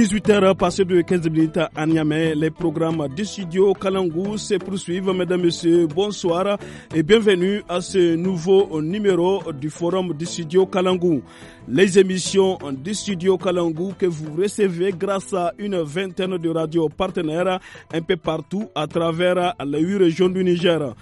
18h passé de 15 minutes à Niamey, les programmes du studio Kalangou se poursuivent. Mesdames, Messieurs, bonsoir et bienvenue à ce nouveau numéro du forum du studio Kalangou. Les émissions du studio Kalangou que vous recevez grâce à une vingtaine de radios partenaires un peu partout à travers les huit régions du Niger.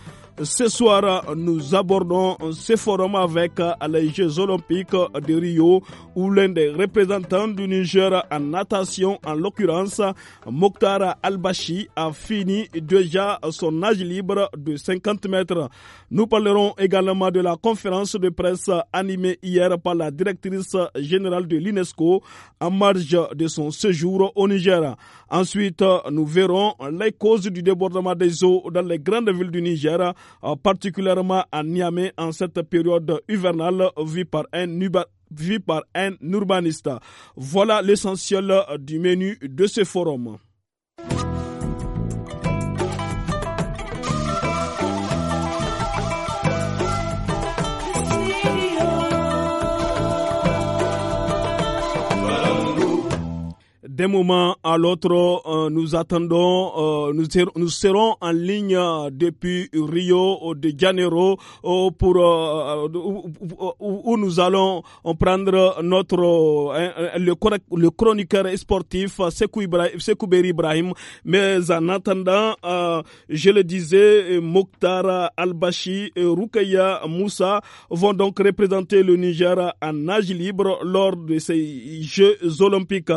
Ce soir, nous abordons ce forum avec les Jeux olympiques de Rio où l'un des représentants du Niger en natation, en l'occurrence Mokhtar Albashi, a fini déjà son âge libre de 50 mètres. Nous parlerons également de la conférence de presse animée hier par la directrice générale de l'UNESCO en marge de son séjour au Niger. Ensuite, euh, nous verrons les causes du débordement des eaux dans les grandes villes du Niger, euh, particulièrement à Niamey en cette période hivernale vue par un urbaniste. Voilà l'essentiel euh, du menu de ce forum. d'un moment à l'autre, euh, nous attendons, euh, nous, serons en ligne euh, depuis Rio de Janeiro pour où, nous allons prendre notre le, chroniqueur sportif Sekou, Ibrahim. Mais en attendant, je le disais, Mokhtar albashi et Rukaya Moussa vont donc représenter le Niger en nage libre lors de ces Jeux olympiques.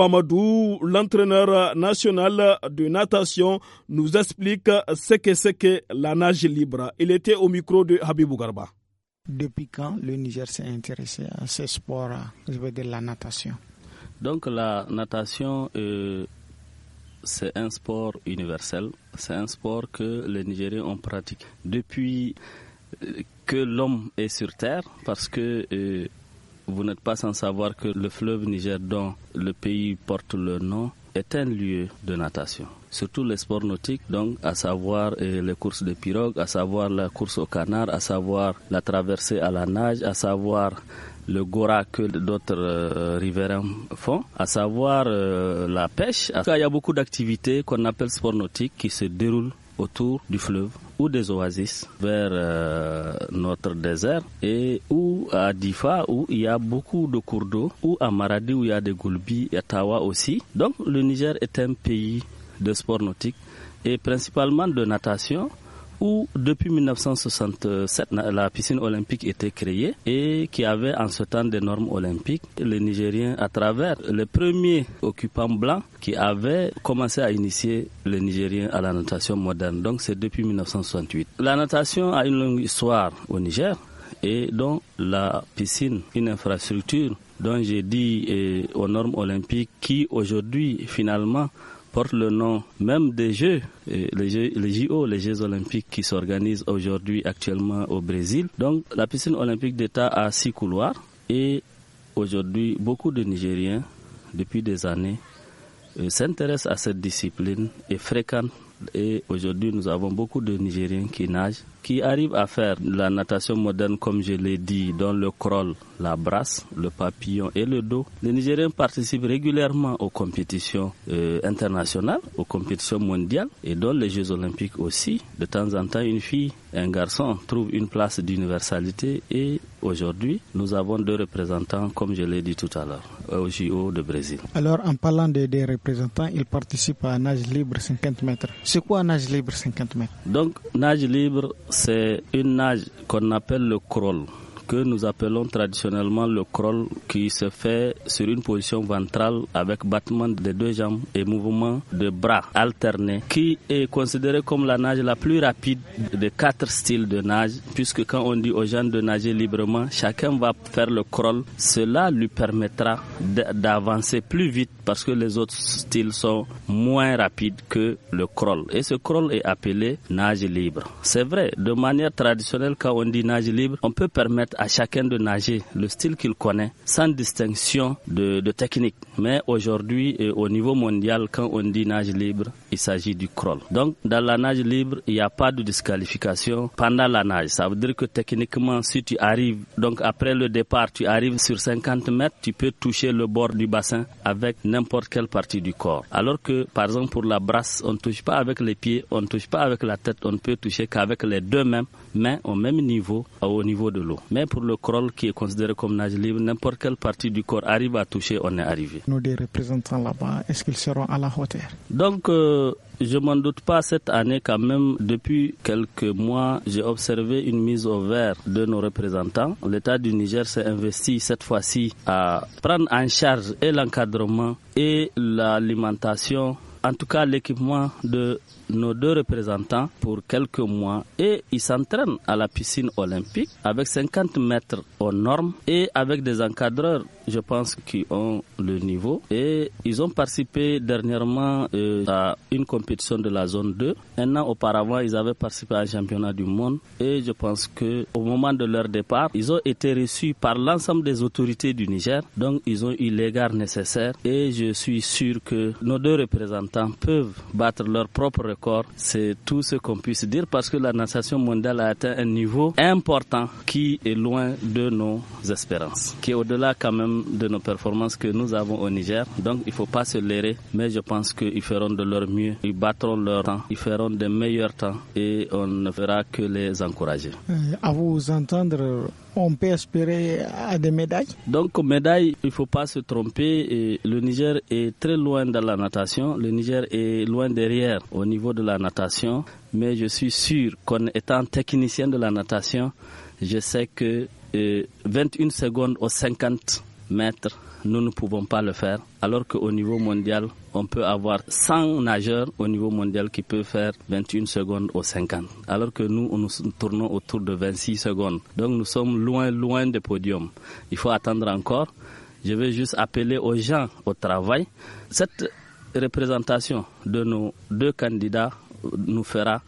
Amadou, l'entraîneur national de natation, nous explique ce que c'est que la nage libre. Il était au micro de Habibou Garba. Depuis quand le Niger s'est intéressé à ce sport, je veux dire la natation Donc la natation, euh, c'est un sport universel, c'est un sport que les Nigériens ont pratiqué depuis euh, que l'homme est sur Terre, parce que... Euh, vous n'êtes pas sans savoir que le fleuve Niger dont le pays porte le nom est un lieu de natation. Surtout les sports nautiques, donc à savoir euh, les courses de pirogues à savoir la course au canard, à savoir la traversée à la nage, à savoir le gora que d'autres euh, riverains font, à savoir euh, la pêche. Il y a beaucoup d'activités qu'on appelle sports nautiques qui se déroulent autour du fleuve ou des oasis vers euh, notre désert et ou à Difa où il y a beaucoup de cours d'eau ou à Maradi où il y a des goulbis et Tawa aussi. Donc le Niger est un pays de sport nautique et principalement de natation où depuis 1967, la piscine olympique était créée et qui avait en ce temps des normes olympiques. Les Nigériens, à travers les premiers occupants blancs qui avaient commencé à initier les Nigériens à la natation moderne. Donc c'est depuis 1968. La natation a une longue histoire au Niger et donc la piscine, une infrastructure dont j'ai dit eh, aux normes olympiques qui aujourd'hui finalement porte le nom même des Jeux, les, JO, les Jeux olympiques qui s'organisent aujourd'hui actuellement au Brésil. Donc la piscine olympique d'État a six couloirs et aujourd'hui beaucoup de Nigériens, depuis des années, euh, s'intéressent à cette discipline et fréquentent. Et aujourd'hui nous avons beaucoup de Nigériens qui nagent qui arrive à faire la natation moderne, comme je l'ai dit, dans le crawl, la brasse, le papillon et le dos, les Nigériens participent régulièrement aux compétitions euh, internationales, aux compétitions mondiales et dans les Jeux olympiques aussi. De temps en temps, une fille, un garçon trouve une place d'universalité et Aujourd'hui, nous avons deux représentants, comme je l'ai dit tout à l'heure, au JO de Brésil. Alors, en parlant des, représentants, ils participent à nage libre 50 mètres. C'est quoi nage libre 50 mètres Donc, nage libre, c'est une nage qu'on appelle le crawl que nous appelons traditionnellement le crawl qui se fait sur une position ventrale avec battement des deux jambes et mouvement de bras alternés qui est considéré comme la nage la plus rapide des quatre styles de nage puisque quand on dit aux gens de nager librement, chacun va faire le crawl. Cela lui permettra d'avancer plus vite parce que les autres styles sont moins rapides que le crawl. Et ce crawl est appelé nage libre. C'est vrai, de manière traditionnelle, quand on dit nage libre, on peut permettre à chacun de nager le style qu'il connaît, sans distinction de, technique. Mais aujourd'hui, au niveau mondial, quand on dit nage libre, il s'agit du crawl. Donc, dans la nage libre, il n'y a pas de disqualification pendant la nage. Ça veut dire que techniquement, si tu arrives, donc après le départ, tu arrives sur 50 mètres, tu peux toucher le bord du bassin avec n'importe quelle partie du corps. Alors que, par exemple, pour la brasse, on ne touche pas avec les pieds, on ne touche pas avec la tête, on ne peut toucher qu'avec les deux mêmes mais au même niveau, au niveau de l'eau. Mais pour le crawl qui est considéré comme nage libre, n'importe quelle partie du corps arrive à toucher, on est arrivé. Nous, des représentants là-bas, est-ce qu'ils seront à la hauteur Donc, je euh, je m'en doute pas cette année quand même. Depuis quelques mois, j'ai observé une mise au vert de nos représentants. L'État du Niger s'est investi cette fois-ci à prendre en charge et l'encadrement et l'alimentation en tout cas l'équipement de nos deux représentants pour quelques mois et ils s'entraînent à la piscine olympique avec 50 mètres aux normes et avec des encadreurs, je pense, qui ont le niveau. Et ils ont participé dernièrement euh, à une compétition de la zone 2. Un an auparavant, ils avaient participé à un championnat du monde et je pense que au moment de leur départ, ils ont été reçus par l'ensemble des autorités du Niger. Donc ils ont eu l'égard nécessaire et je suis sûr que nos deux représentants peuvent battre leur propre record. C'est tout ce qu'on puisse dire parce que la natation mondiale a atteint un niveau important qui est loin de nos espérances, qui est au-delà quand même de nos performances que nous avons au Niger. Donc il ne faut pas se lérer mais je pense qu'ils feront de leur mieux, ils battront leur temps, ils feront de meilleurs temps et on ne verra que les encourager. Euh, à vous entendre, on peut espérer à des médailles Donc médailles, il ne faut pas se tromper. Et le Niger est très loin de la natation. Le est loin derrière au niveau de la natation, mais je suis sûr qu'en étant technicien de la natation, je sais que 21 euh, secondes aux 50 mètres, nous ne pouvons pas le faire, alors qu'au niveau mondial, on peut avoir 100 nageurs au niveau mondial qui peuvent faire 21 secondes aux 50, alors que nous, nous tournons autour de 26 secondes. Donc nous sommes loin, loin des podiums. Il faut attendre encore. Je vais juste appeler aux gens au travail. Cette représentation de nos deux candidats nous fera,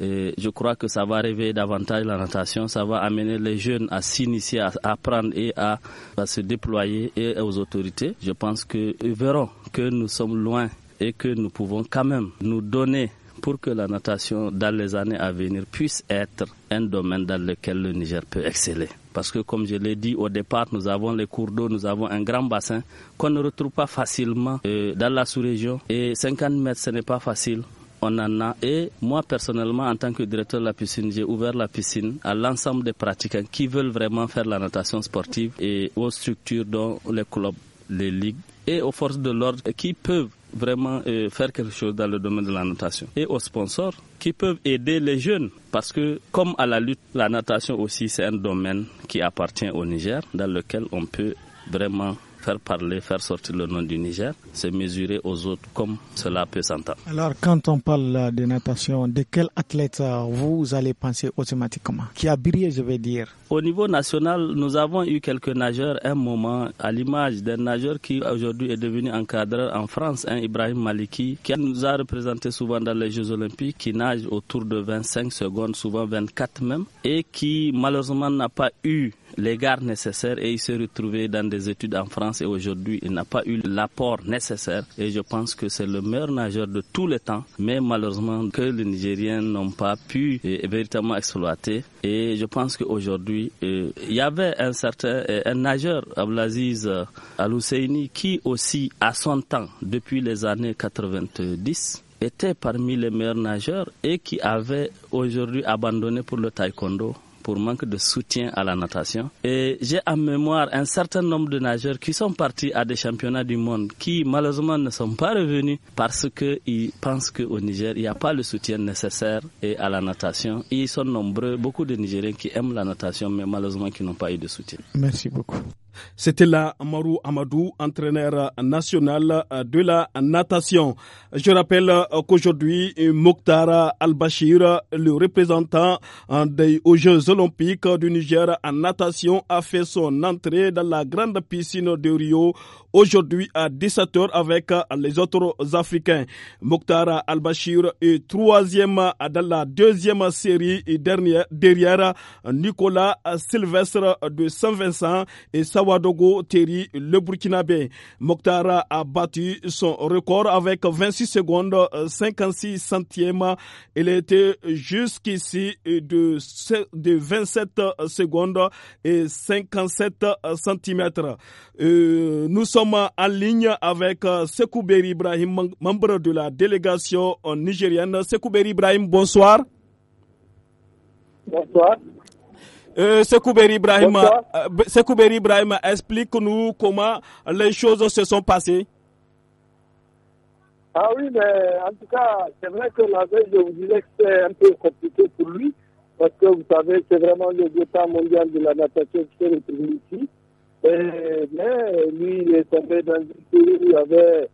et je crois que ça va réveiller davantage la natation, ça va amener les jeunes à s'initier, à apprendre et à, se déployer et aux autorités. Je pense qu'ils verront que nous sommes loin et que nous pouvons quand même nous donner pour que la natation dans les années à venir puisse être un domaine dans lequel le Niger peut exceller parce que comme je l'ai dit au départ, nous avons les cours d'eau, nous avons un grand bassin qu'on ne retrouve pas facilement euh, dans la sous-région. Et 50 mètres, ce n'est pas facile on en a. Et moi, personnellement, en tant que directeur de la piscine, j'ai ouvert la piscine à l'ensemble des pratiquants qui veulent vraiment faire la natation sportive et aux structures dont les clubs, les ligues et aux forces de l'ordre qui peuvent vraiment euh, faire quelque chose dans le domaine de la natation. Et aux sponsors qui peuvent aider les jeunes. Parce que comme à la lutte, la natation aussi, c'est un domaine qui appartient au Niger, dans lequel on peut vraiment faire parler, faire sortir le nom du Niger, c'est mesurer aux autres comme cela peut s'entendre. Alors, quand on parle euh, de natation, de quel athlète euh, vous allez penser automatiquement Qui a brillé, je vais dire. Au niveau national, nous avons eu quelques nageurs un moment, à l'image d'un nageur qui aujourd'hui est devenu encadreur en France, un Ibrahim Maliki, qui nous a représenté souvent dans les Jeux Olympiques, qui nage autour de 25 secondes, souvent 24 même, et qui malheureusement n'a pas eu les gardes nécessaires et il s'est retrouvé dans des études en France et aujourd'hui il n'a pas eu l'apport nécessaire et je pense que c'est le meilleur nageur de tous les temps mais malheureusement que les Nigériens n'ont pas pu euh, véritablement exploiter et je pense qu'aujourd'hui euh, il y avait un certain euh, un nageur Ablaziz Al-Husseini qui aussi à son temps depuis les années 90 était parmi les meilleurs nageurs et qui avait aujourd'hui abandonné pour le taekwondo pour manque de soutien à la natation. Et j'ai en mémoire un certain nombre de nageurs qui sont partis à des championnats du monde qui malheureusement ne sont pas revenus parce qu'ils pensent qu'au Niger, il n'y a pas le soutien nécessaire et à la natation. Et ils sont nombreux, beaucoup de Nigériens qui aiment la natation mais malheureusement qui n'ont pas eu de soutien. Merci beaucoup. C'était là Amaru Amadou, entraîneur national de la natation. Je rappelle euh, qu'aujourd'hui, Mokhtar Al-Bashir, le représentant euh, des, Jeux Olympiques du Niger en natation, a fait son entrée dans la grande piscine de Rio aujourd'hui à 17h avec euh, les autres Africains. Mokhtar Al-Bashir est troisième dans la deuxième série et dernière, derrière Nicolas Sylvestre de Saint-Vincent et Sawadogo Terry, le Burkinabé. Mokhtar a battu son record avec 26 secondes 56 centièmes. Il était jusqu'ici de, 27 secondes et 57 centimètres. Euh, nous sommes sommes en ligne avec euh, Sekouber Ibrahim, membre de la délégation euh, nigérienne. Sekouber Ibrahim, bonsoir. Bonsoir. Euh, Ibrahim, euh, Ibrahim explique-nous comment les choses se sont passées. Ah oui, mais en tout cas, c'est vrai que la veille, je vous disais que c'est un peu compliqué pour lui, parce que vous savez, c'est vraiment le départ mondial de la natation qui est ici. Et, euh, mais lui, il est tombé dans une pays où il y avait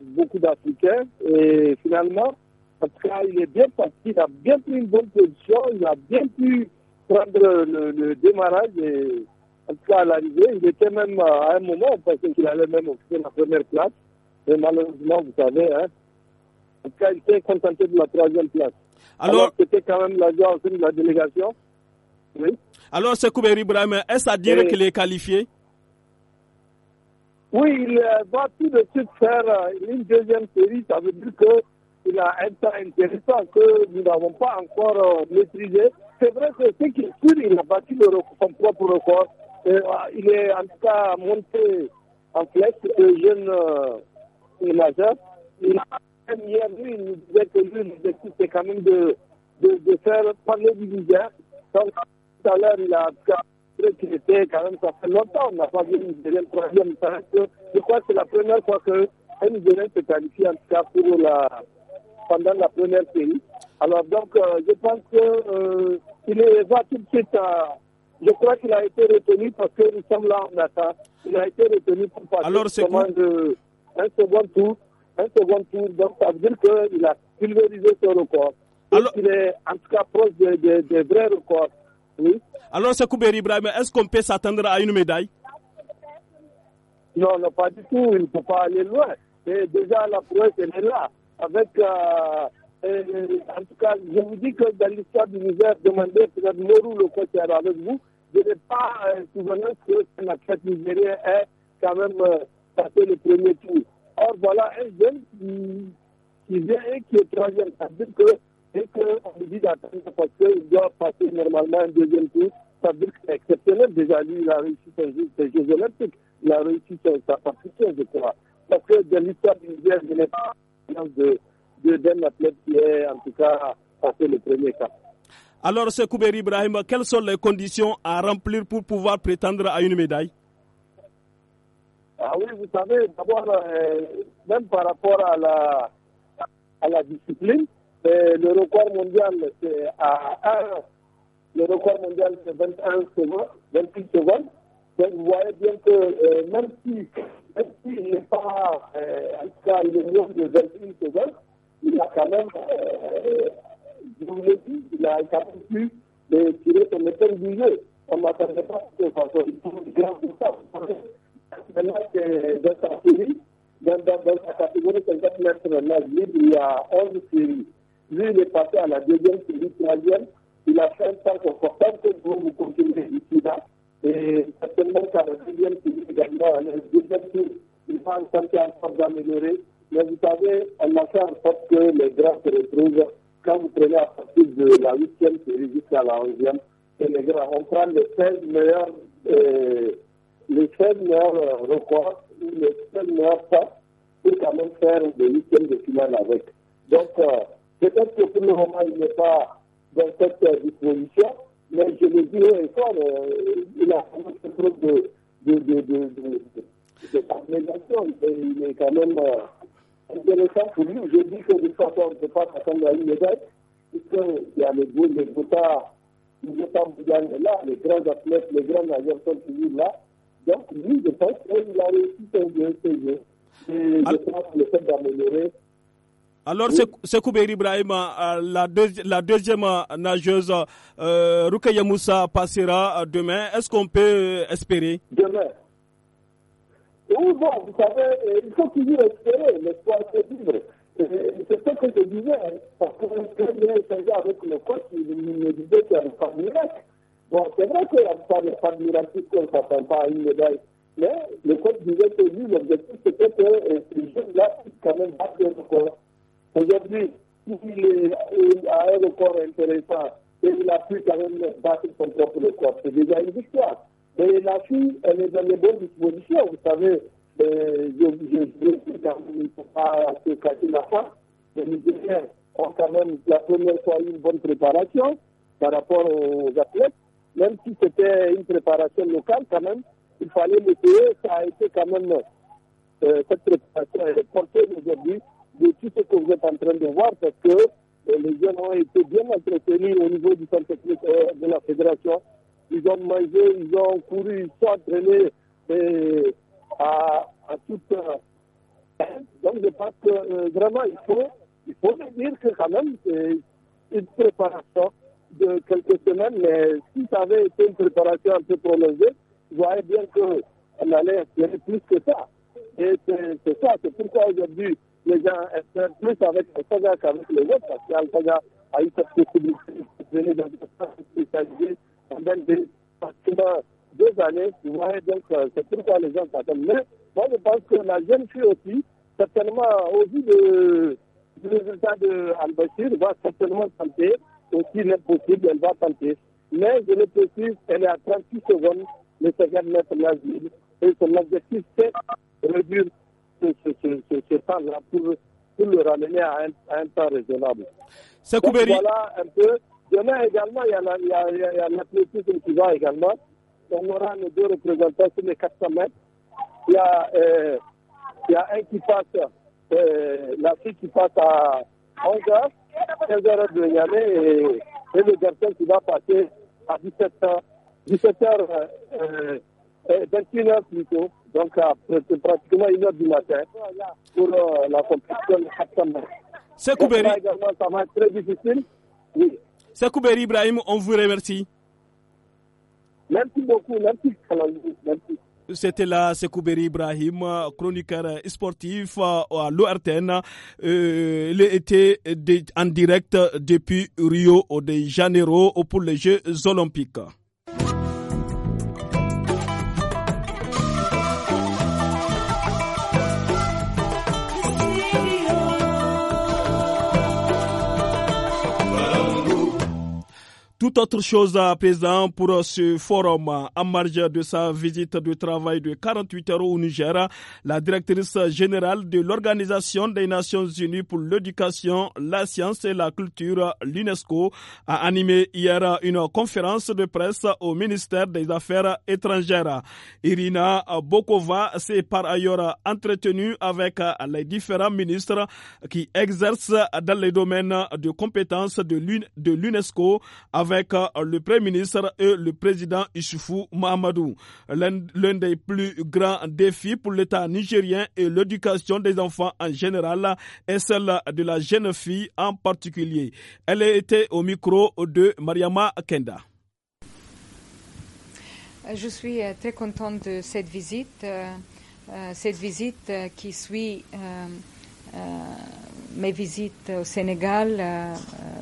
beaucoup d'Africains. Et finalement, en tout cas, il est bien parti, il a bien pris une bonne position, il a bien pu prendre le, démarrage. Et, en tout cas, à l'arrivée, il était même à un moment, on pensait qu'il allait même occuper la première place. Mais malheureusement, vous savez, hein, en tout cas, il s'est contenté de la troisième place. Alors, c'était quand même la joie sein de la délégation. Oui. Alors, Sekouber Ibrahim, est-ce à dire qu'il est qualifié Oui, il euh, va tout de suite faire euh, une deuxième série. Ça veut dire qu'il a un temps intéressant que nous n'avons pas encore euh, maîtrisé. C'est vrai que ce qu'il court, il a battu son propre record. il est en tout cas monté en flèche, le jeune et majeur. Il a même hier, lui, il nous dit que l'objectif, c'est quand même de, de, faire parler du leader tout à l'heure, il a qu'il était quand même, ça fait longtemps, on n'a pas vu une deuxième troisième. Je crois que c'est la première fois que un Nigérien se qualifie en tout cas pour la, pendant la première série. Alors donc, euh, je pense qu'il euh, est va tout de suite à. Je crois qu'il a été retenu parce que nous sommes là en attente. Il a été retenu pour passer Alors, euh, un second tour. Un second tour. Donc ça veut dire qu'il a pulvérisé son record. Alors... Il est en tout cas proche des de, de vrais records. Alors, Sekouber Ibrahim, est-ce qu'on peut s'attendre à une médaille Non, non, pas du tout. Il ne faut pas aller loin. Et déjà, la prouesse, elle est là. Avec, euh, euh, en tout cas, je vous dis que dans l'histoire du Niger, demandez peut-être le coach avec vous. Je n'ai pas euh, souvenir que tête nigérien est quand même euh, passé le premier tour. Or, voilà un jeune qui, vient et qui est troisième. cest à que et qu'on lui dit d'attendre parce qu'il doit passer normalement un deuxième tour, ça veut dire que c'est exceptionnel. Déjà, lui, il a réussi ses Jeux, ses jeux Olympiques, il a réussi sa partition, je crois. Parce que de l'histoire du Niger, je n'ai pas de d'un athlète qui est en tout cas passé le premier cas. Alors, Kouber Ibrahim, quelles sont les conditions à remplir pour pouvoir prétendre à une médaille Ah oui, vous savez, d'abord, euh, même par rapport à la, à la discipline, le record mondial, c'est à 1. Le record mondial, c'est 21 secondes, 28 secondes. Donc, vous voyez bien que euh, même si, même si n'est pas à l'union de 21 secondes, il a quand même, euh, je vous l'ai dit, il a quand même pu de tirer son épingle du jeu. On ne m'attendait pas de toute façon. Il est grand pour ça. Maintenant, que dans sa série, dans, sa catégorie 50 mètres nage libre, il y a 11 séries. Lui, il est passé à la deuxième série, troisième. Il a fait un temps confortable que vous, continuez ici, là. Et certainement qu'à la deuxième série également, à la deuxième tour, il va tenter peu d'améliorer. Mais vous savez, on a fait en sorte que les grands se retrouvent quand vous prenez à partir de la huitième série jusqu'à la onzième. Et les grands, on prend les 16 meilleurs, euh, les 16 meilleurs les 16 meilleurs pas, pour quand même faire des huitièmes de finale avec. Donc, euh, Peut-être que pour le moment, il n'est pas dans cette disposition, mais je le dis au euh, il a trop truc de, de, de, de, de il est quand même euh, intéressant pour lui. Je dis que de toute façon, on ne peut pas s'attendre à une médaille, puisqu'il y a les beaux, les beaux les là, les grands athlètes, les grands nageurs sont toujours là. Donc, lui, je pense qu'il a réussi son jeu, ses jeux. Et je pense que le fait d'améliorer alors, oui. Sekouberi Ibrahima, euh, la, la, deuxième euh, nageuse, euh, passera euh, demain. Est-ce qu'on peut espérer Demain Oui, bon, vous savez, il faut toujours espérer, l'espoir c'est vivre. C'est ce que je disais, hein, parce que j'ai échangé avec le coach, il me disait qu'il n'y avait pas de miracle. Bon, c'est vrai qu'il n'y avait pas de miracle qu'on ne s'attend pas à une médaille. Mais le coach disait que lui, l'objectif, c'était que ces jeunes-là puissent quand même battre le corps. Aujourd'hui, il a un record intéressant et il a pu quand même battre son propre record. C'est déjà une victoire. Mais la fille, elle est dans les bonnes dispositions. Vous savez, je, vous dis, quand même, il ne faut pas se cacher la face. Les Nigériens ont quand même, la première fois, une bonne préparation par rapport aux athlètes. Même si c'était une préparation locale, quand même, il fallait le payer. Ça a été quand même, euh, cette préparation, est portée aujourd'hui de tout ce que vous êtes en train de voir parce que euh, les jeunes ont été bien entretenus au niveau du centre euh, de la fédération. Ils ont mangé, ils ont couru, ils sont entraînés à, à toute. Euh, donc je pense que vraiment, il faut, il faut dire que quand même, c'est une préparation de quelques semaines, mais si ça avait été une préparation un peu prolongée, vous voyez bien qu'on allait espérer plus que ça. Et c'est ça, c'est pourquoi aujourd'hui, les gens sont plus avec Alphaga qu'avec les autres, parce qu'Alphaga a eu cette possibilité de venir dans le espace spécialisé pendant pratiquement deux années. donc euh, c'est pourquoi les gens s'attendent. Mais moi, je pense que la jeune fille aussi, certainement, au vu de, du résultat de Al-Bashir, va certainement tenter aussi l'impossible, elle va tenter. Mais je le précise, elle est à 36 secondes, le 50 mètres ville. Et son objectif, c'est de réduire ce temps-là pour, le ramener à un, temps raisonnable. voilà un peu. Demain également, il y a l'athlétisme qui va également. On aura nos deux représentants sur les 400 mètres. Euh, il y a, un qui passe, euh, l'Afrique qui passe à 11h, 15h de Niamey, et, le garçon qui va passer à 17h. 21h euh, plutôt, donc c'est pratiquement une heure du matin, pour euh, la compétition de Hatsama. C'est Kouberi. Ça très difficile. Oui. C'est Kouberi Ibrahim, on vous remercie. Merci beaucoup, merci C'était là Sekouberi Ibrahim, chroniqueur sportif à l'ORTN. Il euh, il était en direct depuis Rio de Janeiro pour les Jeux olympiques. autre chose à présent pour ce forum. En marge de sa visite de travail de 48 heures au Niger, la directrice générale de l'Organisation des Nations Unies pour l'éducation, la science et la culture, l'UNESCO, a animé hier une conférence de presse au ministère des Affaires étrangères. Irina Bokova s'est par ailleurs entretenue avec les différents ministres qui exercent dans les domaines de compétences de l'UNESCO avec le Premier ministre et le président Issoufou Mahamadou. L'un des plus grands défis pour l'État nigérien est l'éducation des enfants en général et celle de la jeune fille en particulier. Elle été au micro de Mariama Kenda. Je suis euh, très contente de cette visite, euh, euh, cette visite qui suit mes visites au Sénégal,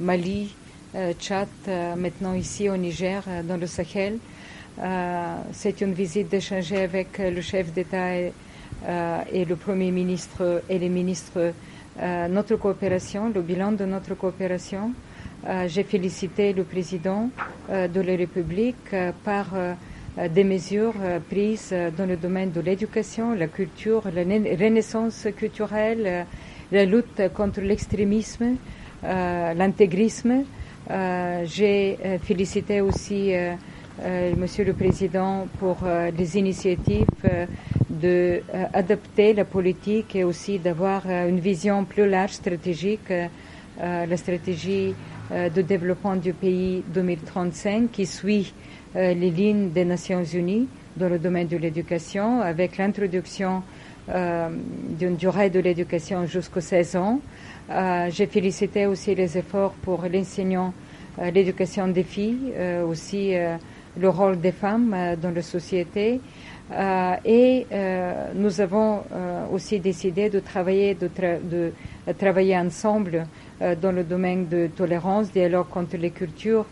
Mali, euh, chat euh, maintenant ici au Niger, euh, dans le Sahel. C'est une visite d'échanger avec le chef d'État et, et, le Premier ministre et les ministres. notre coopération, le bilan de notre coopération. J'ai félicité le président de la République par des mesures prises dans le domaine de l'éducation, la culture, la renaissance culturelle, la lutte contre l'extrémisme, l'intégrisme. Euh, j'ai euh, félicité aussi euh, Monsieur le Président pour les initiatives d'adapter la politique et aussi d'avoir une vision plus large stratégique, la stratégie de développement du pays 2035 qui suit les lignes des Nations Unies dans le domaine de l'éducation avec l'introduction d'une durée de l'éducation jusqu'aux 16 ans euh, J'ai félicité aussi les efforts pour l'enseignant, euh, l'éducation des filles, euh, aussi le rôle des femmes dans la société. et nous avons aussi décidé de travailler, de, travailler ensemble dans le domaine de tolérance, dialogue contre les cultures.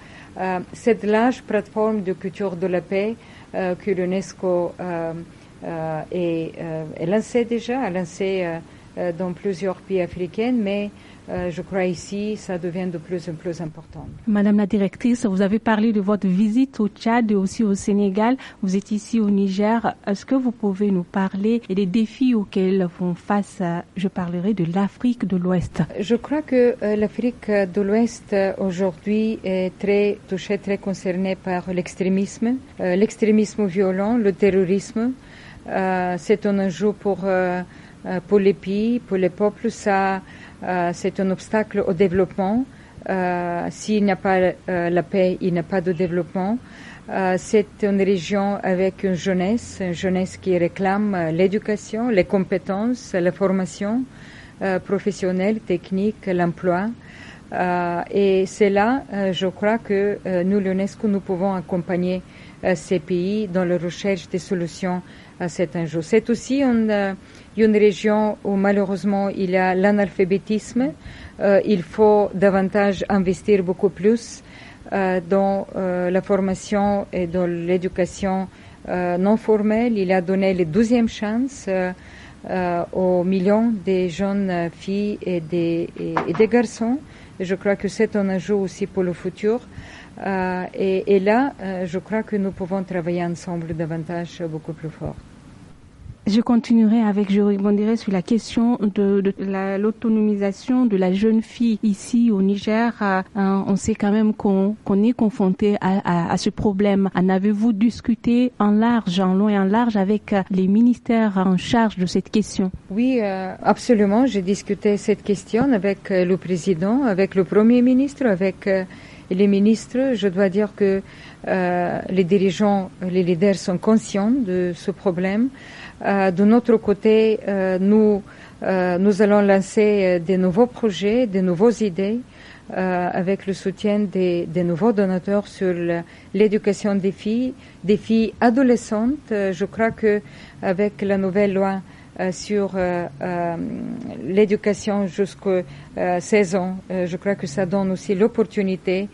cette large plateforme de culture de la paix que l'UNESCO est, est lancée déjà, a lancé euh, dans plusieurs pays africains, mais euh, je crois ici, ça devient de plus en plus important. Madame la directrice, vous avez parlé de votre visite au Tchad et aussi au Sénégal. Vous êtes ici au Niger. Est-ce que vous pouvez nous parler des défis auxquels font face, euh, je parlerai de l'Afrique de l'Ouest Je crois que l'Afrique de l'Ouest aujourd'hui est très touchée, très concernée par l'extrémisme, l'extrémisme violent, le terrorisme. C'est un enjeu pour euh, pour les pays, pour les peuples, ça, euh, c'est un obstacle au développement. Euh, s'il n'y a pas la paix, il n'y a pas de développement. c'est une région avec une jeunesse, une jeunesse qui réclame l'éducation, les compétences, la formation professionnelle, technique, l'emploi. Euh, et c'est là, je crois que euh, nous, l'UNESCO, nous pouvons accompagner ces pays dans la recherche des solutions à cet enjeu. C'est aussi une, une région où malheureusement il y a l'analphabétisme. Euh, il faut davantage investir beaucoup plus euh, dans euh, la formation et dans l'éducation non formelle. Il a donné les douzième chances aux millions de jeunes filles et des, garçons. je crois que c'est un ajout aussi pour le futur. et, là, je crois que nous pouvons travailler ensemble davantage, beaucoup plus fort. Je continuerai avec, je rebondirai sur la question de, l'autonomisation de la jeune fille ici au Niger. Euh, euh, on sait quand même qu'on est confronté à, ce problème. En avez-vous discuté en large, en long et en large avec euh, les ministères en charge de cette question Oui, absolument. J'ai discuté cette question avec le président, avec le premier ministre, avec les ministres. Je dois dire que les dirigeants, les leaders sont conscients de ce problème. Euh, de notre côté, euh, euh, nous, allons lancer des nouveaux projets, des nouvelles idées avec le soutien des, nouveaux donateurs sur l'éducation des filles, des filles adolescentes. je crois que avec la nouvelle loi sur l'éducation jusqu'à 16 ans, je crois que ça donne aussi l'opportunité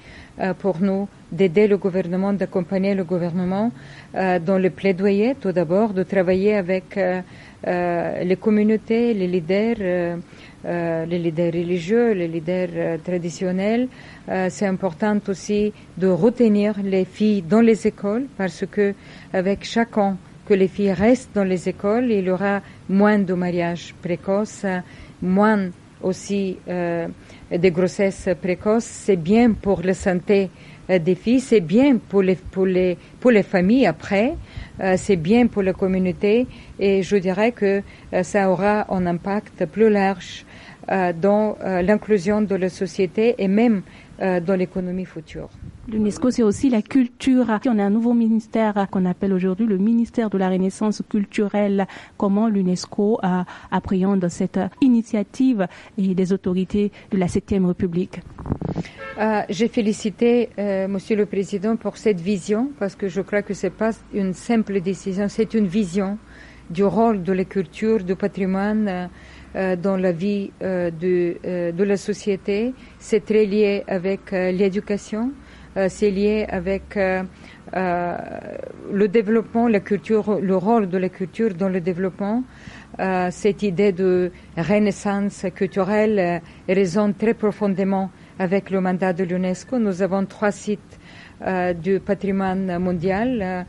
pour nous d'aider le gouvernement, d'accompagner le gouvernement euh, dans le plaidoyer, tout d'abord, de travailler avec euh, euh les communautés, les leaders, euh, euh, les leaders religieux, les leaders traditionnels. C'est important aussi de retenir les filles dans les écoles parce que avec chacun que les filles restent dans les écoles, il y aura moins de mariages précoces, moins aussi des grossesses précoces. C'est bien pour la santé euh, c'est bien pour les, pour les familles après, euh, c'est bien pour la communauté et je dirais que euh, ça aura un impact plus large dans l'inclusion de la société et même euh, dans l'économie future. L'UNESCO, c'est aussi la culture. On a un nouveau ministère qu'on appelle aujourd'hui le ministère de la Renaissance culturelle. Comment l'UNESCO euh, appréhende cette initiative et des autorités de la 7e République euh, J'ai félicité Monsieur le Président pour cette vision parce que je crois que ce n'est pas une simple décision, c'est une vision du rôle de la culture, du patrimoine. Euh, dans la vie euh, de, euh, de, la société. C'est très lié avec l'éducation, c'est lié avec le développement, la culture, le rôle de la culture dans le développement. cette idée de renaissance culturelle résonne très profondément avec le mandat de l'UNESCO. Nous avons trois sites du patrimoine mondial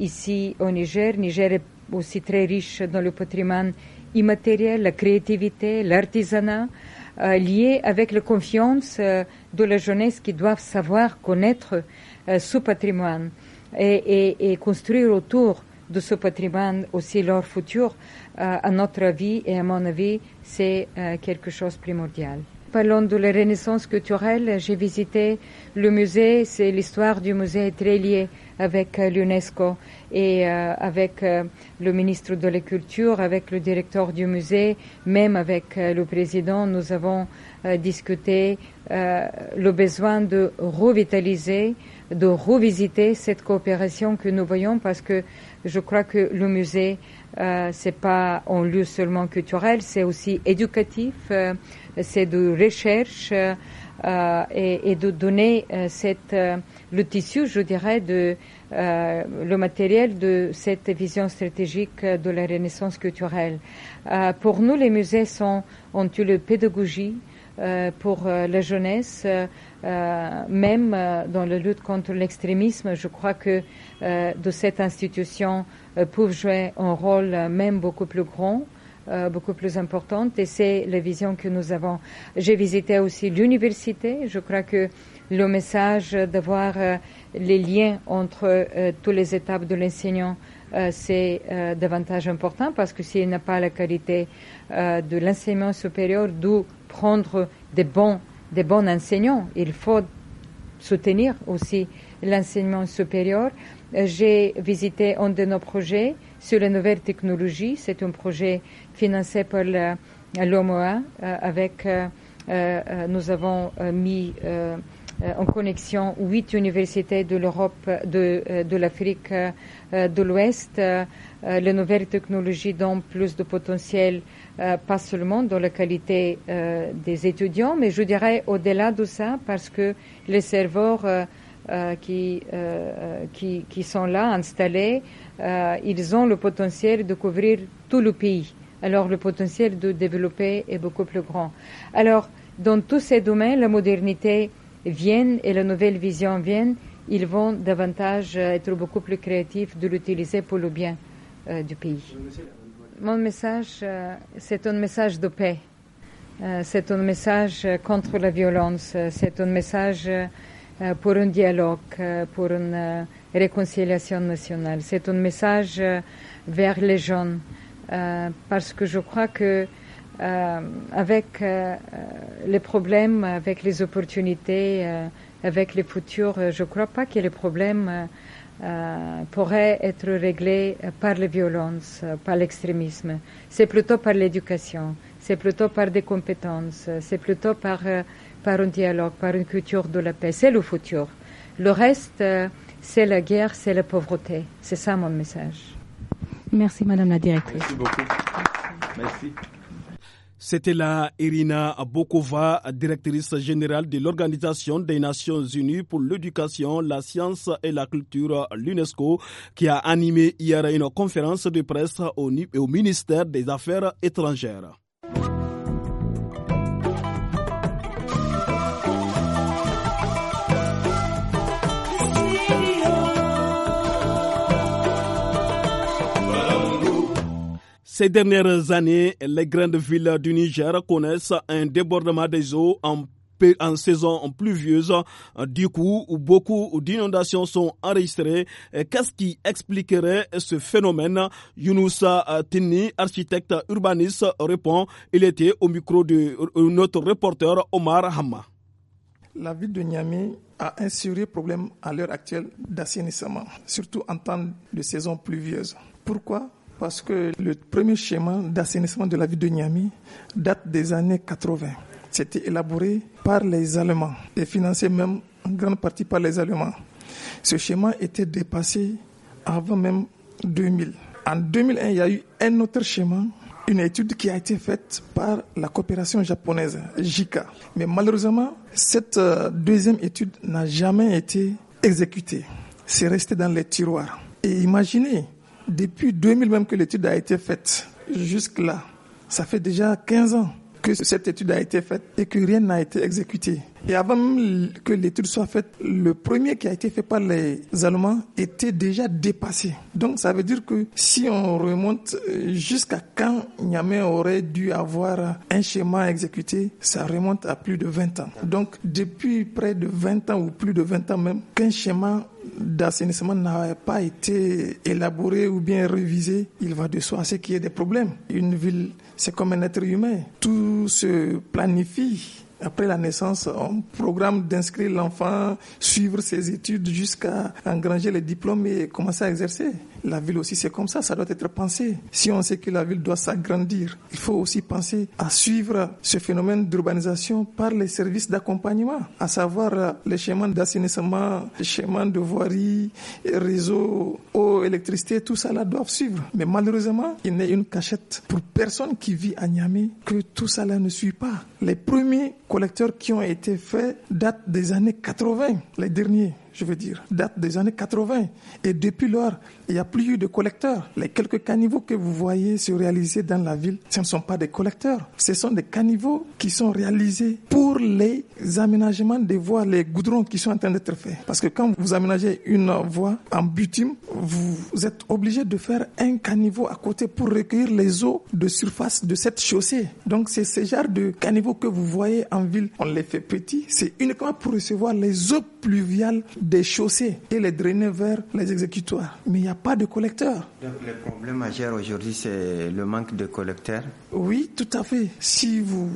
ici au Niger. Niger est aussi très riche dans le patrimoine immatériel, la créativité, l'artisanat, euh, lié avec la confiance euh, de la jeunesse qui doivent savoir connaître euh, ce patrimoine et, et, construire autour de ce patrimoine aussi leur futur, à notre avis et à mon avis, c'est quelque chose de primordial parlant de la renaissance culturelle, j'ai visité le musée. C'est l'histoire du musée est très liée avec euh, l'UNESCO et euh, avec euh, le ministre de la Culture, avec le directeur du musée, même avec le président. Nous avons discuté le besoin de revitaliser, de revisiter cette coopération que nous voyons parce que je crois que le musée euh, c'est pas un lieu seulement culturel, c'est aussi éducatif, euh, c'est de recherche euh, et, de donner le tissu, je dirais, de le matériel de cette vision stratégique de la Renaissance culturelle. pour nous, les musées ont ont une pédagogie pour la jeunesse. même dans la lutte contre l'extrémisme, je crois que de cette institution euh, peuvent jouer un rôle euh, même beaucoup plus grand euh, beaucoup plus important, et c'est la vision que nous avons. J'ai visité aussi l'université. Je crois que le message d'avoir les liens entre toutes les étapes de l'enseignant, c'est davantage important parce que s'il n'a pas la qualité de l'enseignement supérieur, d'où prendre des bons, des bons enseignants, il faut soutenir aussi l'enseignement supérieur. J'ai visité un de nos projets sur les nouvelles technologies. C'est un projet financé par l'OMOA. Euh, avec, euh, euh, nous avons mis en connexion huit universités de l'Europe, de, de l'Afrique de l'Ouest. Les nouvelles technologies donnent plus de potentiel, pas seulement dans la qualité des étudiants, mais je dirais au-delà de ça, parce que les serveurs euh, qui, euh, qui, qui, sont là, installés, euh, ils ont le potentiel de couvrir tout le pays. Alors le potentiel de développer est beaucoup plus grand. Alors, dans tous ces domaines, la modernité vient et la nouvelle vision vient. Ils vont davantage être beaucoup plus créatifs de l'utiliser pour le bien du pays. Mon message, c'est un message de paix. c'est un message contre la violence. C'est un message euh, pour un dialogue, euh, pour une euh, réconciliation nationale. C'est un message vers les jeunes parce que je crois que avec les problèmes, avec les opportunités, avec les futurs, je ne crois pas que les problèmes pourraient être réglés par les violences, par l'extrémisme. C'est plutôt par l'éducation, c'est plutôt par des compétences, c'est plutôt par par un dialogue, par une culture de la paix. C'est le futur. Le reste, euh, c'est la guerre, c'est la pauvreté. C'est ça mon message. Merci, Madame la Directrice. Merci beaucoup. Merci. C'était la Irina Bokova, directrice générale de l'Organisation des Nations Unies pour l'éducation, la science et la culture, l'UNESCO, qui a animé hier une conférence de presse au, au ministère des Affaires étrangères. Ces dernières années, les grandes villes du Niger connaissent un débordement des eaux en saison pluvieuse. Du coup, beaucoup d'inondations sont enregistrées. Qu'est-ce qui expliquerait ce phénomène Younousa Tini, architecte urbaniste, répond. Il était au micro de euh, notre reporter Omar Hamma. La ville de Niamey a un sérieux problème à l'heure actuelle d'assainissement, surtout en temps de saison pluvieuse. Pourquoi parce que le premier schéma d'assainissement de la ville de Niamey date des années 80. C'était élaboré par les Allemands et financé même en grande partie par les Allemands. Ce schéma était dépassé avant même 2000. En 2001, il y a eu un autre schéma, une étude qui a été faite par la coopération japonaise, JICA. Mais malheureusement, cette euh, deuxième étude n'a jamais été exécutée. C'est resté dans les tiroirs. Et imaginez, depuis 2000 même que l'étude a été faite, jusque-là, ça fait déjà 15 ans que cette étude a été faite et que rien n'a été exécuté. Et avant même que l'étude soit faite, le premier qui a été fait par les Allemands était déjà dépassé. Donc ça veut dire que si on remonte euh, jusqu'à quand Niamey aurait dû avoir un schéma exécuté, ça remonte à plus de 20 ans. Donc depuis près de 20 ans ou plus de 20 ans même, qu'un schéma d'assainissement n'a pas été élaboré ou bien révisé, il va de soi ce qu'il y ait des problèmes. Une ville, c'est comme un être humain. Tout se planifie. Après la naissance, on programme d'inscrire l'enfant, suivre ses études jusqu'à engranger le diplôme et commencer à exercer. La ville aussi, c'est comme ça, ça doit être pensé. Si on sait que la ville doit s'agrandir, il faut aussi penser à suivre ce phénomène d'urbanisation par les services d'accompagnement, à savoir euh, les schémas d'assainissement, les schémas de voirie, réseau, eau, électricité, tout ça là doivent suivre. Mais malheureusement, il n'est une cachette pour personne qui vit à Niamey que tout ça là ne suit pas. Les premiers collecteurs qui ont été faits datent des années 80, les derniers je veux dire, date des années 80. Et depuis lors, il n'y a plus eu de collecteurs. Les quelques caniveaux que vous voyez se réaliser dans la ville, ce ne sont pas des collecteurs. Ce sont des caniveaux qui sont réalisés pour les aménagements des voies, les goudrons qui sont en train d'être faits. Parce que quand vous aménagez une voie en butime, vous êtes obligé de faire un caniveau à côté pour recueillir les eaux de surface de cette chaussée. Donc c'est ce genre de caniveaux que vous voyez en ville. On les fait petits. C'est uniquement pour recevoir les eaux pluviales des chaussées et les drainer vers les exécutoires. Mais il n'y a pas de collecteurs. Donc le problème majeur aujourd'hui, c'est le manque de collecteurs Oui, tout à fait. Si vous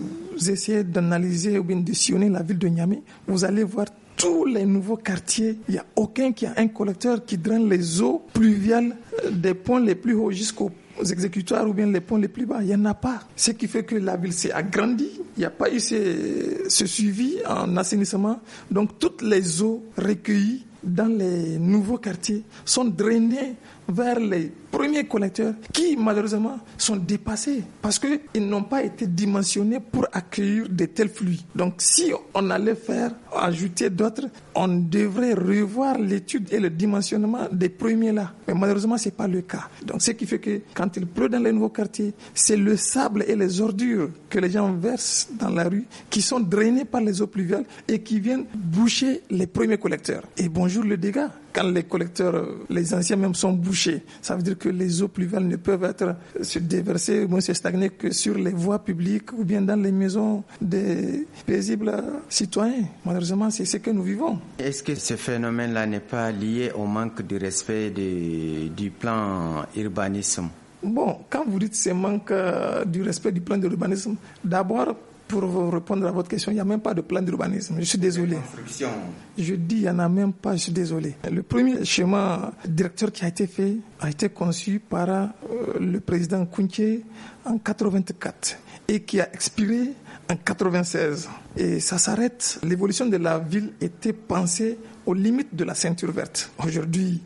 essayez d'analyser ou bien de sillonner la ville de Niamey, vous allez voir tous les nouveaux quartiers, il n'y a aucun qui a un collecteur qui draine les eaux pluviales euh, des ponts les plus hauts jusqu'au exécutoires ou bien les ponts les plus bas. Il n'y en a pas. Ce qui fait que la ville s'est agrandie. Il n'y a pas eu ce, suivi en assainissement. Donc toutes les eaux recueillies dans les nouveaux quartiers sont drainées vers les premiers collecteurs qui, malheureusement, sont dépassés parce qu'ils n'ont pas été dimensionnés pour accueillir de tels flux. Donc, si on allait faire ajouter d'autres, on devrait revoir l'étude et le dimensionnement des premiers là. Mais malheureusement, ce n'est pas le cas. Donc, ce qui fait que quand il pleut dans les nouveaux quartiers, c'est le sable et les ordures que les gens versent dans la rue qui sont drainés par les eaux pluviales et qui viennent boucher les premiers collecteurs. Et bonjour le dégât. Quand les collecteurs, les anciens même sont bouchés, ça veut dire que les eaux pluviales ne peuvent être euh, déversées ou se stagner que sur les voies publiques ou bien dans les maisons des paisibles citoyens. Malheureusement, c'est ce que nous vivons. Est-ce que ce phénomène-là n'est pas lié au manque de respect du plan urbanisme Bon, quand vous dites ce manque euh, du respect du plan de l'urbanisme, d'abord, pour répondre à votre question, il n'y a même pas de plan d'urbanisme. Je suis désolé. Je dis, il n'y en a même pas, je suis désolé. Le premier schéma directeur qui a été fait a été conçu par euh, le président Kounke en 84 et qui a expiré en 96. Et ça s'arrête. L'évolution de la ville était pensée limite limites de la ceinture verte. Aujourd'hui,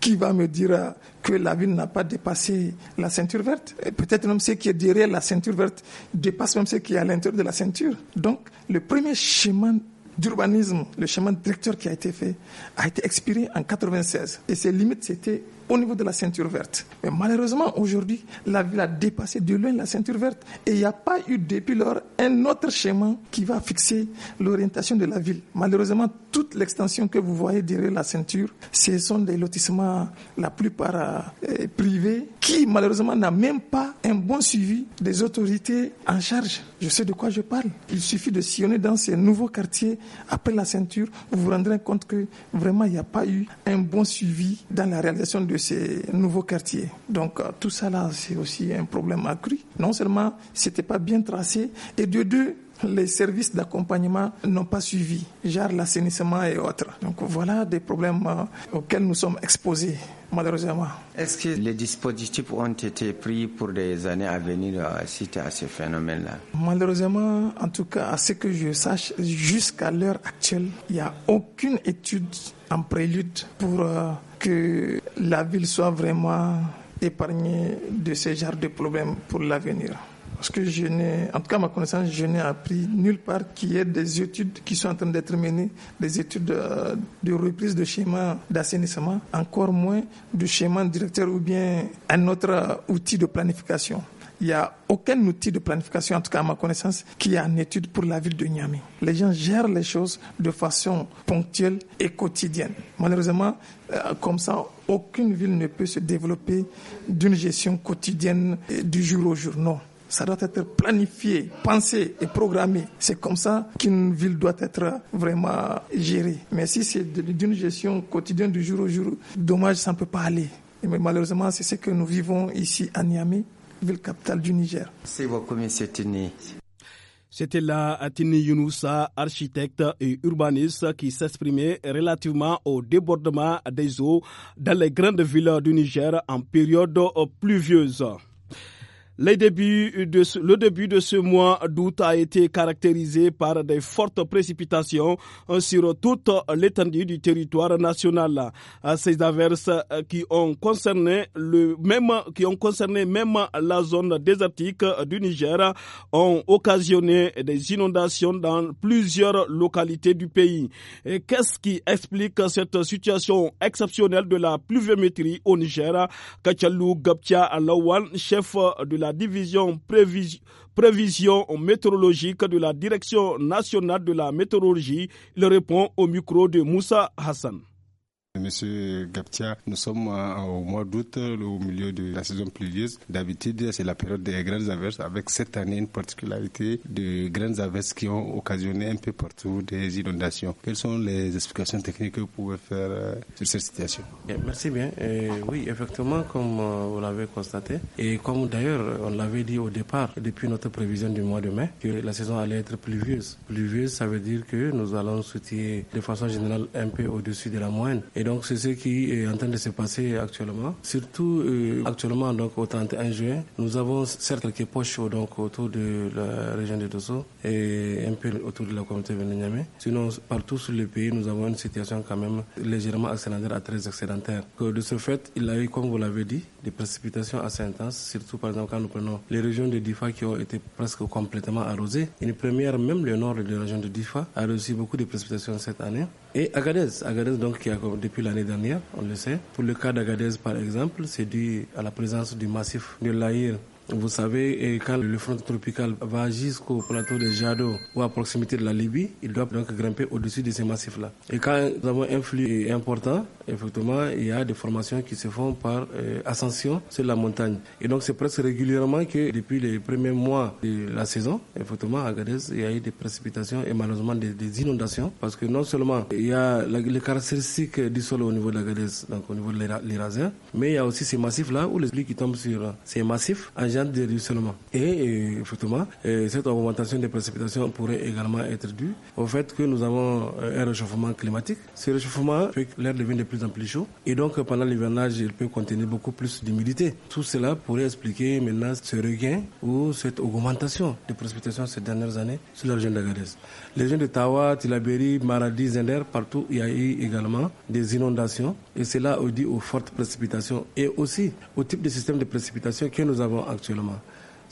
qui va me dire que la ville n'a pas dépassé la ceinture verte Peut-être même ce qui est derrière la ceinture verte dépasse même ce qui est à l'intérieur de la ceinture. Donc, le premier schéma d'urbanisme, le chemin directeur qui a été fait, a été expiré en 96. Et ses limites, c'était au niveau de la ceinture verte. Mais malheureusement, aujourd'hui, la ville a dépassé de loin la ceinture verte et il n'y a pas eu depuis lors un autre schéma qui va fixer l'orientation de la ville. Malheureusement, toute l'extension que vous voyez derrière la ceinture, ce sont des lotissements, la plupart euh, privés, qui malheureusement n'a même pas un bon suivi des autorités en charge je sais de quoi je parle. Il suffit de sillonner dans ces nouveaux quartiers après la ceinture, vous vous rendrez compte que vraiment il n'y a pas eu un bon suivi dans la réalisation de ces nouveaux quartiers. Donc euh, tout ça là, c'est aussi un problème accru. Non seulement c'était pas bien tracé, et de deux, les services d'accompagnement n'ont pas suivi, genre l'assainissement et autres. Donc voilà des problèmes euh, auxquels nous sommes exposés malheureusement. Est-ce que les dispositifs ont été pris pour des années à venir euh, suite à ce phénomène-là Malheureusement, en tout cas, à ce que je sache, jusqu'à l'heure actuelle, il n'y a aucune étude en prélude pour euh, que la ville soit vraiment épargnée de ce genre de problèmes pour l'avenir. Parce que je n'ai, en tout cas, à ma connaissance, je n'ai appris nulle part qu'il y ait des études qui sont en train d'être menées, des études euh, de reprise de schéma d'assainissement, encore moins de schéma directeur ou bien un autre euh, outil de planification. Il n'y a aucun outil de planification, en tout cas à ma connaissance, qui est en étude pour la ville de Niamey. Les gens gèrent les choses de façon ponctuelle et quotidienne. Malheureusement, euh, comme ça, aucune ville ne peut se développer d'une gestion quotidienne du jour au jour. Non. Ça doit être planifié, pensé et programmé. C'est comme ça qu'une ville doit être vraiment gérée. Mais si c'est d'une gestion quotidienne du jour au jour, dommage, ça ne peut pas aller. Mais malheureusement, c'est ce que nous vivons ici à Niamey, ville capitale du Niger. C'est beaucoup, monsieur Tini. C'était là Atini Younoussa, architecte et urbaniste, qui s'exprimait relativement au débordement des eaux dans les grandes villes du Niger en période pluvieuse débuts de le début de ce mois d'août a été caractérisé par des fortes précipitations euh, sur toute l'étendue du territoire national. Euh, ces averses euh, qui ont concerné le même, qui ont concerné même la zone désertique du Niger ont occasionné des inondations dans plusieurs localités du pays. Qu'est-ce qui explique cette situation exceptionnelle de la pluviométrie au Niger? Kachalou Gaptia chef de la la division prévision prévision météorologique de la Direction nationale de la météorologie. le répond au micro de Moussa Hassan. Monsieur Gaptia, nous sommes au mois d'août, au milieu de la saison pluvieuse. D'habitude, c'est la période des grandes averses, avec cette année une particularité de grandes averses qui ont occasionné un peu partout des inondations. Quelles sont les explications techniques que vous pouvez faire euh, sur cette situation eh, Merci bien. Eh, oui, effectivement, comme euh, vous l'avez constaté, et comme d'ailleurs euh, on l'avait dit au départ, depuis notre prévision du mois de mai, que la saison allait être pluvieuse. Pluvieuse, ça veut dire que nous allons soutenir de façon générale un peu au-dessus de la moyenne. Et donc, c'est ce qui est en train de se passer actuellement. Surtout, euh, actuellement, donc, au 31 juin, nous avons certes quelques poches donc, autour de la région de Dosso et un peu autour de la communauté Benyamé. Sinon, partout sur le pays, nous avons une situation quand même légèrement accélérée à très excédentaire. De ce fait, il y a eu, comme vous l'avez dit, des précipitations assez intenses, surtout par exemple quand nous prenons les régions de Difa qui ont été presque complètement arrosées. Une première, même le nord de la région de Difa, a reçu beaucoup de précipitations cette année. Et Agadez, Agadez donc qui depuis l'année dernière, on le sait. Pour le cas d'Agadez par exemple, c'est dû à la présence du massif de l'Aïr vous savez, quand le front tropical va jusqu'au plateau de Jado ou à proximité de la Libye, il doit donc grimper au-dessus de ces massifs-là. Et quand nous avons un flux important, effectivement, il y a des formations qui se font par euh, ascension sur la montagne. Et donc, c'est presque régulièrement que depuis les premiers mois de la saison, effectivement, à Gadez, il y a eu des précipitations et malheureusement des, inondations parce que non seulement il y a les caractéristiques du sol au niveau de Gadez, donc au niveau de l'éraser, mais il y a aussi ces massifs-là où les pluies qui tombent sur ces massifs, en des Et effectivement, cette augmentation des précipitations pourrait également être due au fait que nous avons euh, un réchauffement climatique. Ce réchauffement fait que l'air devient de plus en plus chaud et donc pendant l'hivernage, il peut contenir beaucoup plus d'humidité. Tout cela pourrait expliquer maintenant ce regain ou cette augmentation des précipitations ces dernières années sur la région d'Agadez. Les régions de Tawa, Tilaberi, Maradi, Zender, partout, il y a eu également des inondations et cela dû aux fortes précipitations et aussi au type de système de précipitation que nous avons actuellement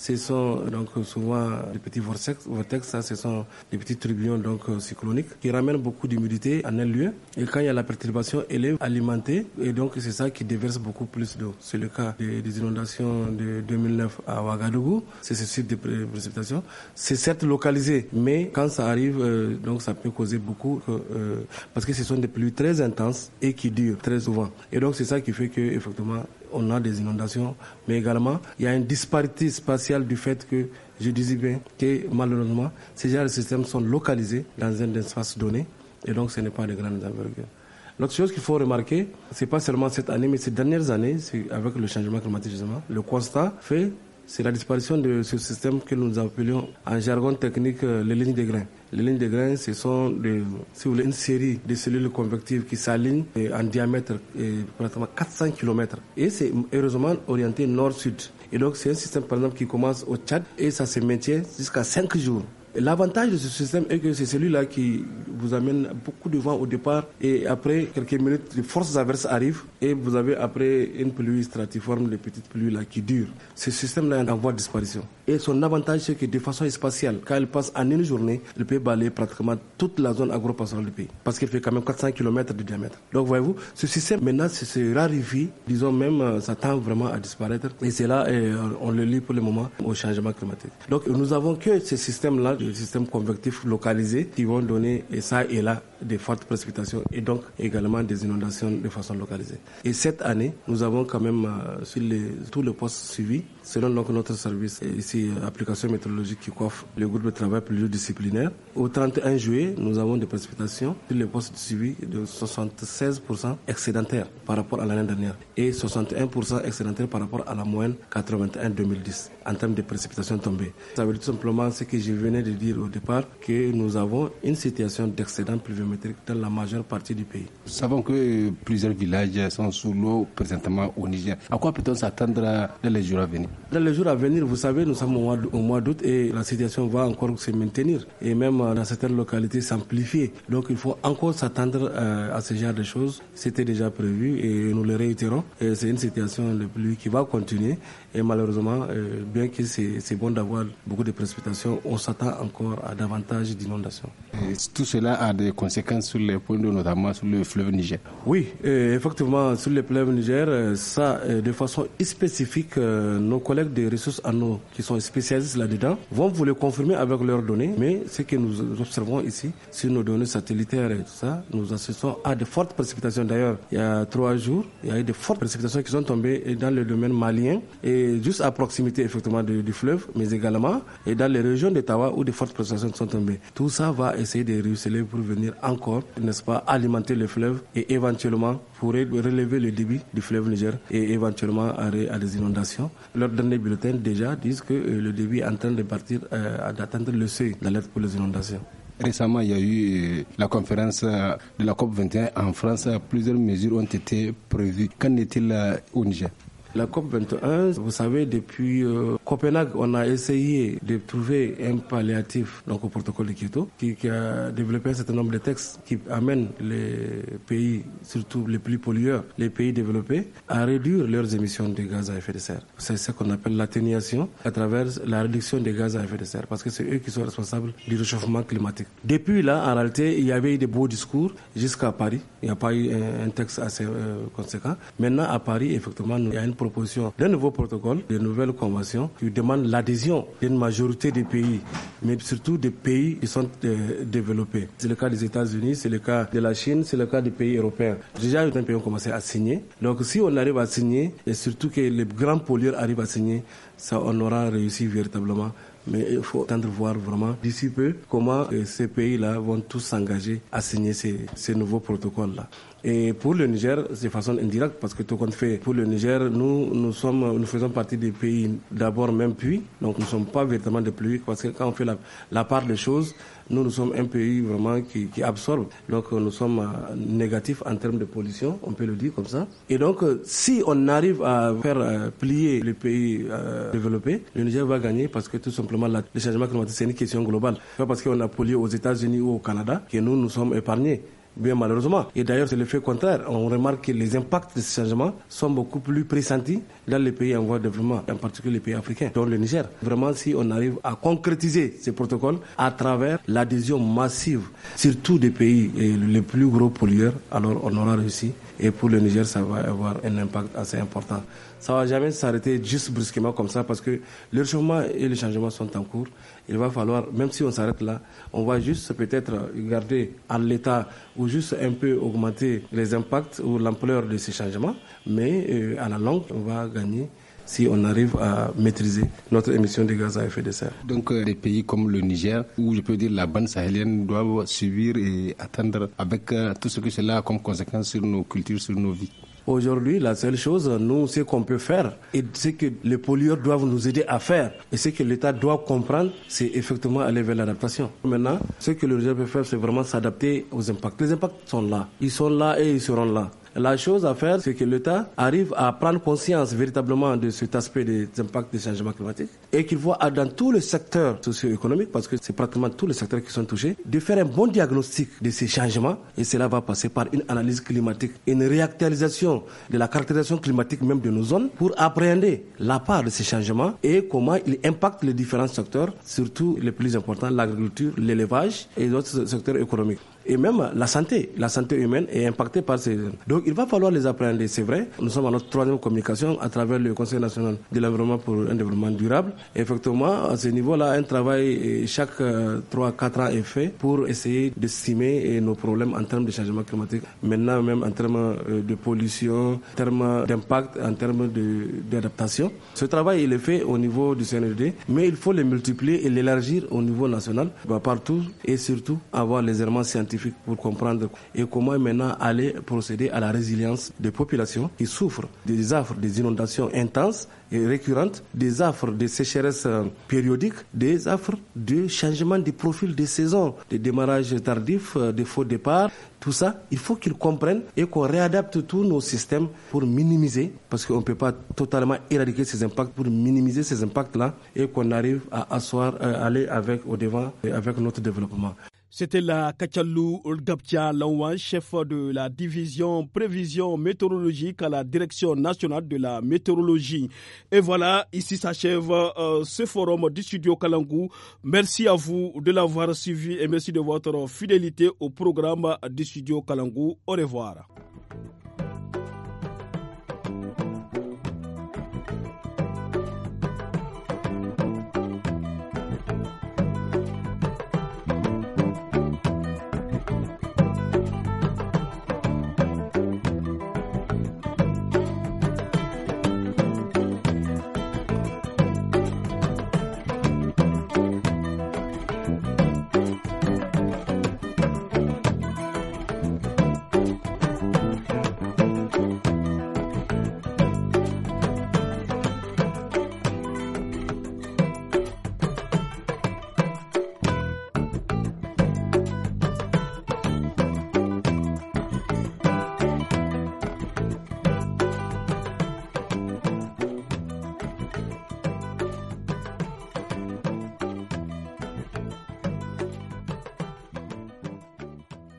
ce sont donc souvent des petits vortex, ça, hein, ce sont des petits tribunes donc euh, cycloniques qui ramènent beaucoup d'humidité en un lieu. Et quand il y a la perturbation, elle est alimentée et donc c'est ça qui déverse beaucoup plus d'eau. C'est le cas des, inondations de 2009 à Ouagadougou, c'est ce type de précipitation. C'est certes localisé, mais quand ça arrive, euh, donc ça peut causer beaucoup euh, parce que ce sont des pluies très intenses et qui durent très souvent. Et donc c'est ça qui fait que effectivement on a des inondations, mais également il y a une disparité spatiale du fait que, je disais bien, que malheureusement, ces genres systèmes sont localisés dans un espace donné, et donc ce n'est pas de grandes envergure. L'autre chose qu'il faut remarquer, c'est pas seulement cette année, mais ces dernières années, avec le changement climatique justement, le constat fait c'est la disparition de ce système que nous appelions en jargon technique euh, les lignes de grains. Les lignes de grains, ce sont une série de cellules convectives qui s'alignent euh, en diamètre de euh, pratiquement 400 km. Et c'est heureusement orienté nord-sud. Et donc c'est un système par exemple qui commence au Tchad et ça se maintient jusqu'à 5 jours. L'avantage de ce système est que c'est celui-là qui vous amène beaucoup de vent au départ et après quelques minutes, les forces adverses arrivent et vous avez après une pluie stratiforme, les petites pluies là qui durent. Ce système-là est en voie disparition. Et son avantage, c'est que de façon spatiale, quand il passe en une journée, il peut balayer pratiquement toute la zone agro-pastorale du pays parce qu'il fait quand même 400 km de diamètre. Donc voyez-vous, ce système maintenant se raréfie, disons même, euh, ça tend vraiment à disparaître et c'est là, euh, on le lit pour le moment, au changement climatique. Donc nous avons que ce système-là le système convectif localisé qui vont donner ça et là des fortes précipitations et donc également des inondations de façon localisée. Et cette année, nous avons quand même euh, sur sur les, postes suivis selon notre service ici, euh, application météorologique qui coiffe le groupe de travail pluridisciplinaire. Au 31 juillet, nous avons des précipitations sur les postes suivis de 76% excédentaires par rapport à l'année dernière et 61% excédentaires par rapport à la moyenne 81-2010 en termes de précipitations tombées. Ça veut dire tout simplement ce que je venais de dire au départ, que nous avons une situation d'excédent pluviométrique dans la majeure partie du pays. Nous savons que plusieurs villages sont sous l'eau présentement au Niger. À quoi peut-on s'attendre dans les jours à venir Dans les jours à venir, vous savez, nous sommes au mois d'août et la situation va encore se maintenir et même euh, dans certaines localités s'amplifier. Donc il faut encore s'attendre euh, à ce genre de choses. C'était déjà prévu et nous le réitérons. C'est une situation de pluie qui va continuer et malheureusement, euh, bien que c'est bon d'avoir beaucoup de précipitations, on s'attend encore à davantage d'inondations. Tout cela a des conséquences sur les points d'eau, notamment sur le fleuve Niger. Oui, euh, effectivement, sur le fleuve Niger, euh, ça, de façon spécifique, nos collègues des ressources en eau qui sont spécialistes là-dedans vont vous le confirmer avec leurs données. Mais ce que nous observons ici, sur nos données satellitaires et tout ça, nous assistons à de fortes précipitations. D'ailleurs, il y a trois jours, il y a eu de fortes précipitations qui sont tombées dans le domaine malien. Et juste à proximité effectivement du, fleuve, mais également et dans les régions Tawa où des fortes précipitations sont tombées. Tout ça va essayer de réussir pour venir encore, n'est-ce pas, alimenter le fleuve et éventuellement pour relever le débit du fleuve Niger et éventuellement arrêter à des inondations. Leurs derniers bulletins déjà disent que euh, le débit est en train de partir, euh, d'atteindre le seuil d'alerte pour les inondations. Récemment, il y a eu euh, la conférence de la COP 21 en France. Plusieurs mesures ont été prévues. Qu'en est-il au Niger la COP21, vous savez, depuis euh, Copenhague, on a essayé de trouver un palliatif donc au protocole de Kyoto, qui, a développé un certain nombre de textes qui amènent les pays, surtout les plus pollueurs, les pays développés, à réduire leurs émissions de gaz à effet de serre. C'est ce qu'on appelle l'atténuation à travers la réduction des gaz à effet de serre, parce que c'est eux qui sont responsables du réchauffement climatique. Depuis là, en réalité, il y avait eu des beaux discours jusqu'à Paris. Il n'y a pas eu un, texte assez euh, conséquent. Maintenant, à Paris, effectivement, il y a une proposition d'un nouveau protocole, de nouvelles conventions qui demandent l'adhésion d'une majorité des pays, mais surtout des pays qui sont euh, développés. C'est le cas des États-Unis, c'est le cas de la Chine, c'est le cas des pays européens. Déjà, certains pays ont commencé à signer. Donc, si on arrive à signer, et surtout que les grands pollueurs arrivent à signer, ça, on aura réussi véritablement mais il faut attendre voir vraiment d'ici peu comment euh, ces pays-là vont tous s'engager à signer ces, nouveaux protocoles-là. Et pour le Niger, de façon indirecte, parce que tout compte fait, pour le Niger, nous, nous, sommes, nous faisons partie des pays d'abord même puis, donc nous ne sommes pas véritablement de pluies parce que quand on fait la, la part des choses, nous, nous sommes un pays vraiment qui, absorbe. Donc, euh, nous sommes euh, négatifs en termes de pollution, on peut le dire comme ça. Et donc, euh, si on arrive à faire plier les pays développés, le Niger va gagner parce que tout simplement, le changement climatique, c'est une question globale. Pas parce qu'on a pollué aux États-Unis ou au Canada que nous, nous sommes épargnés bien malheureusement. Et d'ailleurs, c'est le fait contraire. On remarque que les impacts de ce changement sont beaucoup plus pressentis dans les pays en voie de développement, en particulier les pays africains, dont le Niger. Vraiment, si on arrive à concrétiser ces protocoles à travers l'adhésion massive, surtout des pays les plus gros pollueurs, alors on aura réussi. Et pour le Niger, ça va avoir un impact assez important. Ça va jamais s'arrêter juste brusquement comme ça parce que le réchauffement et le changement sont en cours. Il va falloir, même si on s'arrête là, on va juste peut-être garder à l'état ou juste un peu augmenter les impacts ou l'ampleur de ces changements. Mais euh, à la longue, on va gagner si on arrive à maîtriser notre émission de gaz à effet de serre. Donc euh, les des pays comme le Niger, ou je peux dire la bande sahélienne doivent subir et attendre avec euh, tout ce que cela a comme conséquence sur nos cultures, sur nos vies. Aujourd'hui, la seule chose, nous, ce qu'on peut faire, et ce que les pollueurs doivent nous aider à faire, et ce que l'État doit comprendre, c'est effectivement aller vers l'adaptation. Maintenant, ce que le peut faire, c'est vraiment s'adapter aux impacts. Les impacts sont là. Ils sont là et ils seront là. La chose à faire, c'est que l'État arrive à prendre conscience véritablement de cet aspect des impacts des changements climatiques et qu'il voit dans tous les secteurs socio-économiques, parce que c'est pratiquement tous les secteurs qui sont touchés, de faire un bon diagnostic de ces changements et cela va passer par une analyse climatique, une réactualisation de la caractérisation climatique même de nos zones pour appréhender la part de ces changements et comment ils impactent les différents secteurs, surtout les plus importants, l'agriculture, l'élevage et d'autres secteurs économiques et même la santé. La santé humaine est impactée par ces Donc il va falloir les appréhender, c'est vrai. Nous sommes à notre troisième communication à travers le Conseil national de l'environnement pour un développement durable. effectivement, à ce niveau-là, un travail chaque 3-4 euh, ans est fait pour essayer d'estimer euh, nos problèmes en termes de changement climatique. Maintenant, même en termes euh, de pollution, en termes d'impact, en termes d'adaptation. Ce travail, il est fait au niveau du CNRD, e mais il faut le multiplier et l'élargir au niveau national, bah, partout, et surtout avoir les éléments scientifiques pour comprendre et comment maintenant aller procéder à la résilience des populations qui souffrent des affres des inondations intenses et récurrentes, des affres de sécheresse euh, périodique, des affres de changement du profil des saisons, des démarrages tardifs, euh, des faux départs. Tout ça, il faut qu'ils comprennent et qu'on réadapte tous nos systèmes pour minimiser, parce qu'on ne peut pas totalement éradiquer ces impacts, pour minimiser ces impacts-là et qu'on arrive à asseoir, euh, aller avec au devant, avec notre développement. C'était la Kachalou Gabtia, Lanwan, chef de la division prévision météorologique à la direction nationale de la météorologie. Et voilà, ici s'achève euh, ce forum du studio Kalangou. Merci à vous de l'avoir suivi et merci de votre fidélité au programme du studio Kalangou. Au revoir.